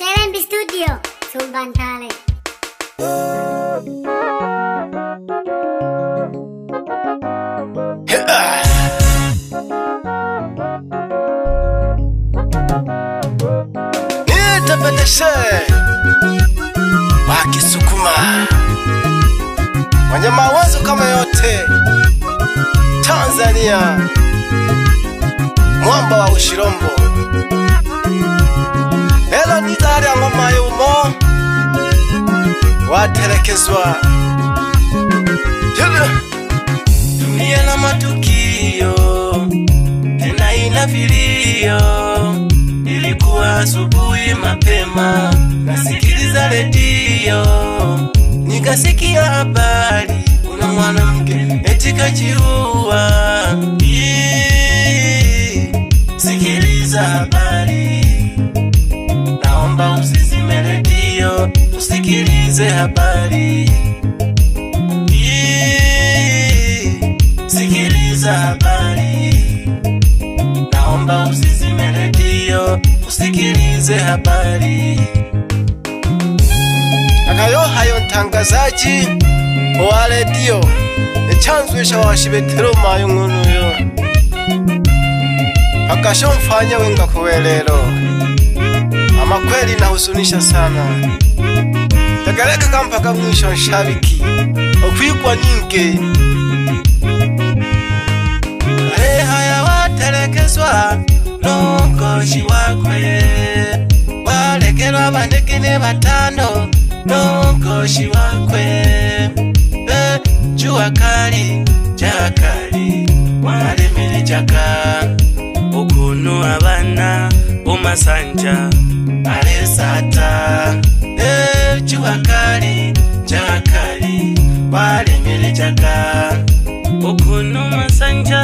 7B Studio sul Bantale. Nitapendeshe wakisukuma wenye mawazo kama yote Tanzania, mwamba wa Ushirombo. Mayumo watelekezwa dunia na matukio tena ina vilio. Ilikuwa asubuhi mapema, nasikiliza redio nikasikia habari kuna mwanamke eti kajiua. Sikiliza habari tusikilize habari sikiliza habari naomba usizime redio usikilize habari agayo hayo ntangazaji wa redio wa shibetero mayungunu yo Akasho mfanya wenga kuwelelo na nahusunisha sana kakareka mpaka mwisho nshabiki okwikwa ninke haya watelekezwa longoji wakwe walekelwa banekine batano longoji wakwe eh, jua jakali walemele jaka okuno abana bomasanja alesata bakari jakari barimir jaka okunu masanja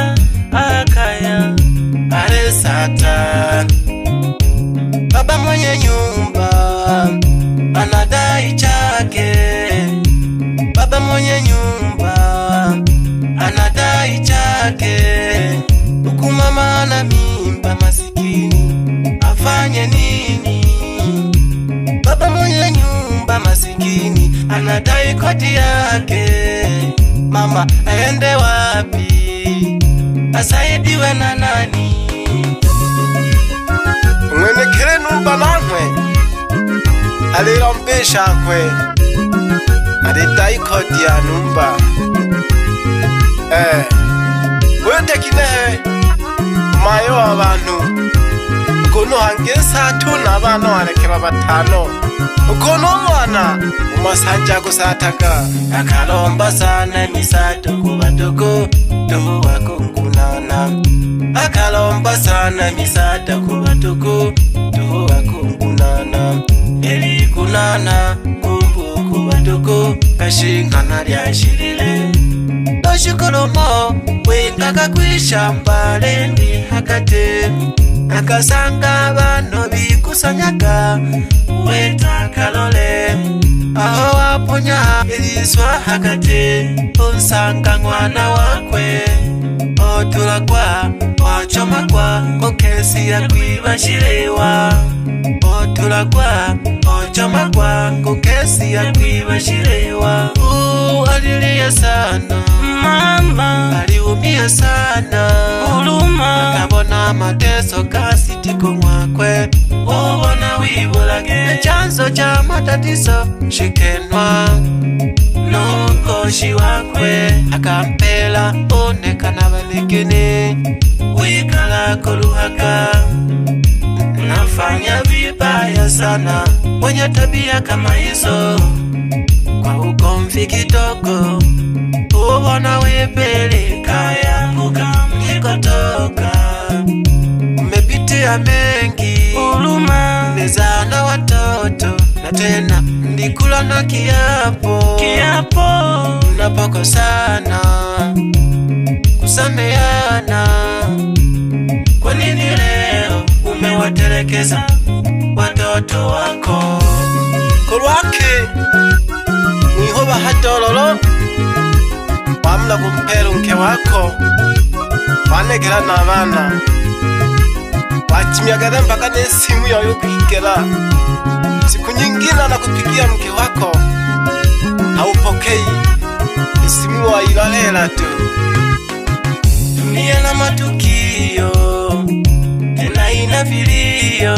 akaya are mama aende wapi asaidiwe na nani mwenekere numba namwe alilombishakwe alidaikodia numba eh. wetekinehe mayo wa bantu ukuntu hangesatu na bana warekera batano ukonomwana umasanja kusataka akalombasana misato kuvatoko tomo wako nkunana akalombasana misata kuvatoko tomo wako nkunana eli kunana kumbu kuvatoko kashingana lyashilile oshikolomo wingakakwishambale ni hakate akasanga vanu kusanyaga weta kalole aho waponya iliswa hakati unsanga mwana wakwe otulagwa ochomagwa kokesi yakwibashirewa otulagwa ochomagwa kokesi yakwibashirewa uh, alilia sana mama aliumia sana huruma mateso kasitiko mwakwe wobona wibolage na chanzo cha matatiso shikenwa nukoshi wakwe akampela onekana balekene wikala koluhaka nafanya vibaya sana mwenye tabia kama hizo kwa ugomvi kidogo ubona wepeleka yangu kamlikotoka ya mengi, huruma, meza na watoto, na tena ndikula na kiapo kiapo, mnapokosana kusameana. Kwa nini leo umewatelekeza watoto wako? kolwake mwiho bahadololo wamla kumpelu unke wako wanegera na vana watimyagale mpaka ne simu yoyo kuikela. Siku nyingine nakupigia mke wako haupokei, simu wailolela tu. Dunia na matukio tena ina vilio.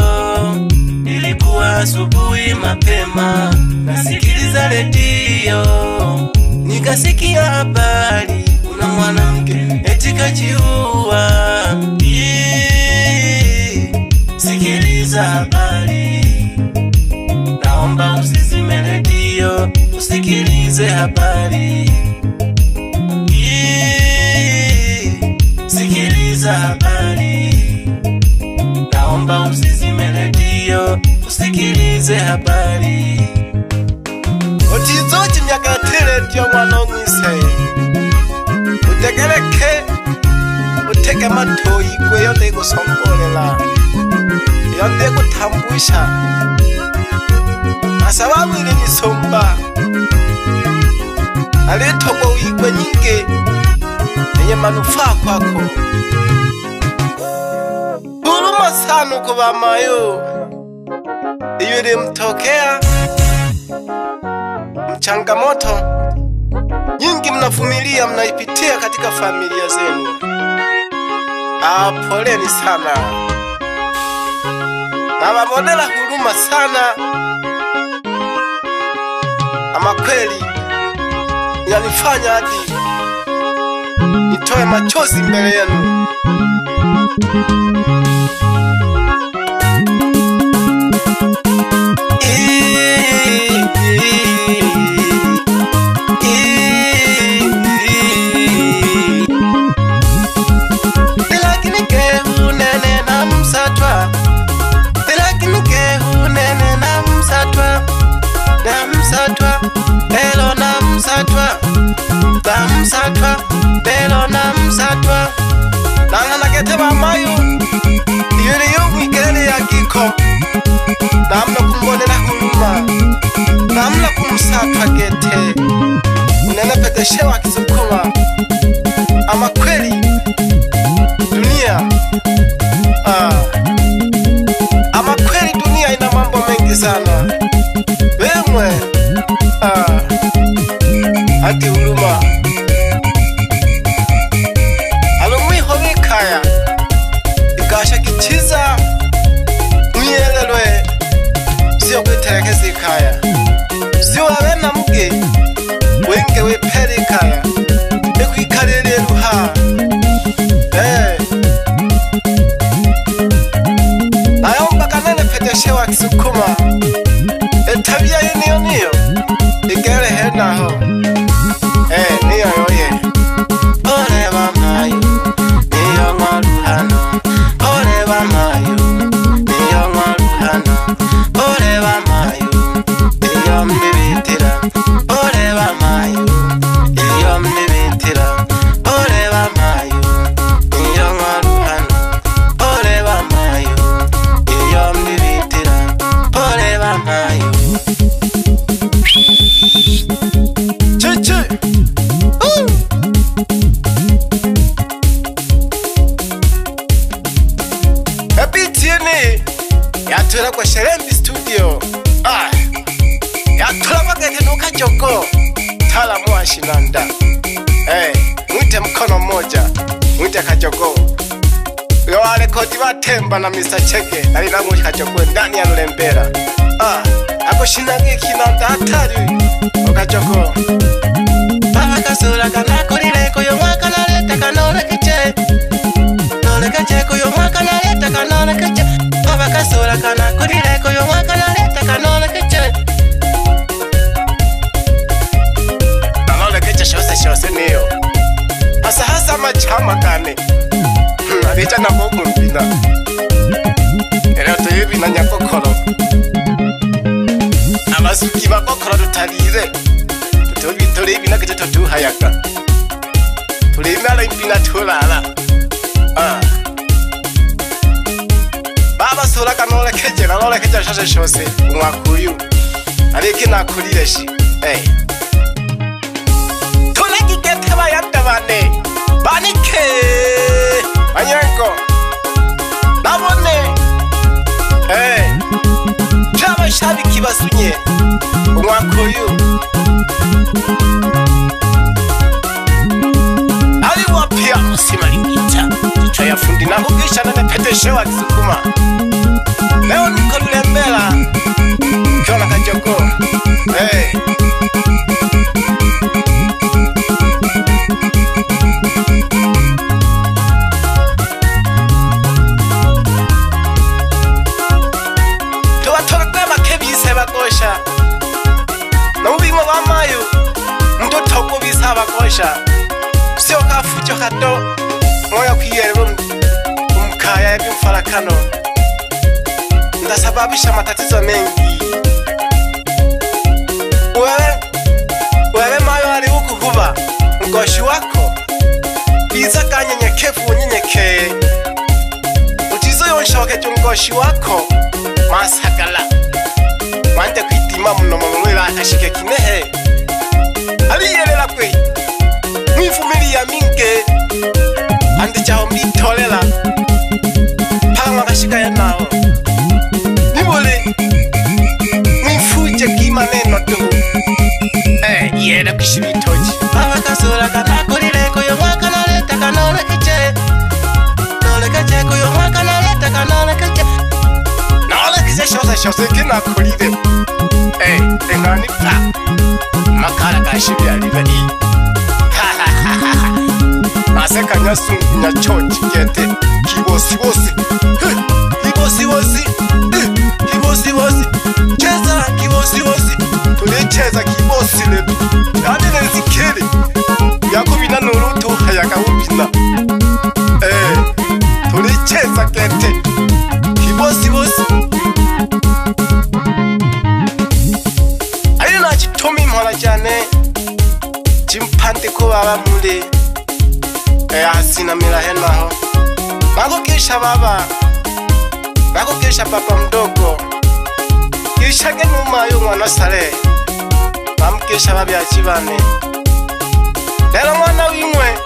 Ilikuwa asubuhi mapema, nasikiliza redio nikasikia habari kuna mwanamke eti kajiua. Yeah za habari, naomba usizime redio usikilize habari sikiliza habari, naomba usizime redio usikilize habari utizoji myagatire ndio mwana umwise utegereke utege matoyi gweyo ndegusongorera yonde kutambusha na nisomba ilinisomba alitobo wigwe nyinge yenye manufaa kwako huruma sana kubamayo iyo ilimtokea mchangamoto nyingi mnafumilia mnaipitia katika familia zenu. Ah, sana bababonera huruma sana. Ama kweli inanifanya hadi nitoe machozi mbele yenu. Mamla kumsaka gete, unanepeteshewa Kisukuma. Ama kweli dunia ah. Ama kweli dunia ina mambo mengi sana wemwe ah. Hati huruma murenge wepelikana ekwikalele ruhana ayombakanene peteshe wa kisukuma etabia yi niyo niyo igelehe naho niyoyoye oleva mayo niyonwa ruhano oleva mayo niyonwa ruhano oleva mayo mjini yatula kwa Shelembi Studio ah. yatula bagatenuka jogo talamu ashilanda hey, eh, mwite mkono mmoja mwite kajogo yowarekodi batemba na Mr. Chege nali namwe kajogo ndani ya Lulembera ah. akushinanga ikinanda hatari ukajogo babakasuraka nakulileko tuzire tureba inaga ico tuduhayaga tureba imara mbina turara ah. babasuraga norekejera norekeja shose shose umwakuyu ariko inakurireshi eh. turagigetebayandabane banike banyego babone eh. ce chabi kibazo nye umwakoyu ali wapia musima limita ticho yafundi nakugisha nene peteshe wa kisukuma leo niko lulembela kiona kajoko hey. kosha sio kafucho kato moyo kwiyerero umkaya byumfarakano ndasababisha matatizo mengi wewe wewe mayo alihuku huba mgoshi wako biza kanyenyekevu unyenyekee utizoyonshoke cyumgoshi wako masakala wanje kwitima muno mu mwiba kinehe andijawo mbitholela phanga kashikaya nawo nimboleni ngimfuje kimane notungu eh yena kishibitoji baba kasula katakulileko yo mwaka naleta kanole kiche nole kache kuyo mwaka naleta kanole kiche nole kiche shose shose kinakulile eh engani pa makala kashibyalivei nasekanyasungunya choch kete kibosibosi ibosibosi vakukisha vava vakukisha papa mudoko kishake numayo mwana sale vamukisha vavi achivane lelo mwana wimwe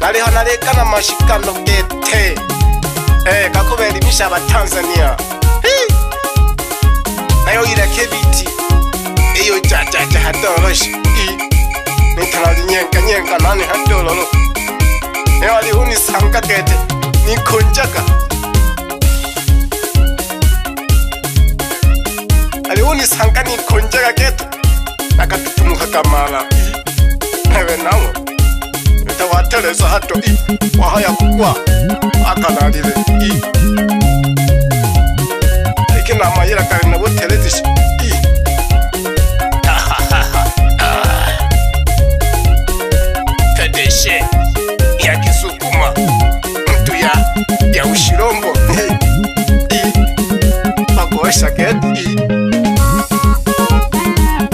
valihona lekana maxikando kete eh, kakuvelimisha va tanzania nayo yira kebiti eyo jajajahatololoxi mitalalinyenkanyenka nani hatololoxi एवाली उनी संकत कहते नी खुंचा का अरे उनी संकत नी खुंचा का कहते नाका तू तुम का माला नहीं बनाऊं तो वाटले सहातो इ वहाँ कुआ आका नाली दे इ लेकिन नामायरा करने वो थे लेते इ kuosha geti.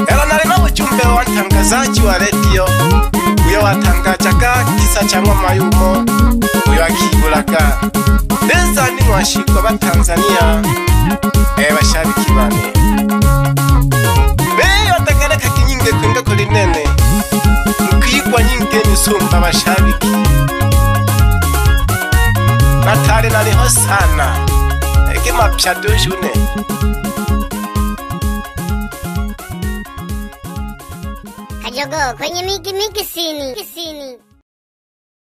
Ela nalina ujumbe wa mtangazaji wa redio uyo watangajaga kisa cha ngoma yumo uyo akibulaga ni mwashikwa ba Tanzania e bashabiki bane beyo atagareka kinyinge kwinga kulinene mkwigwa nyinge nisumba bashabiki batari nariho sana que ma pchato june. Adiogo, kwenye miki miki sini. Miki sini.